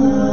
love.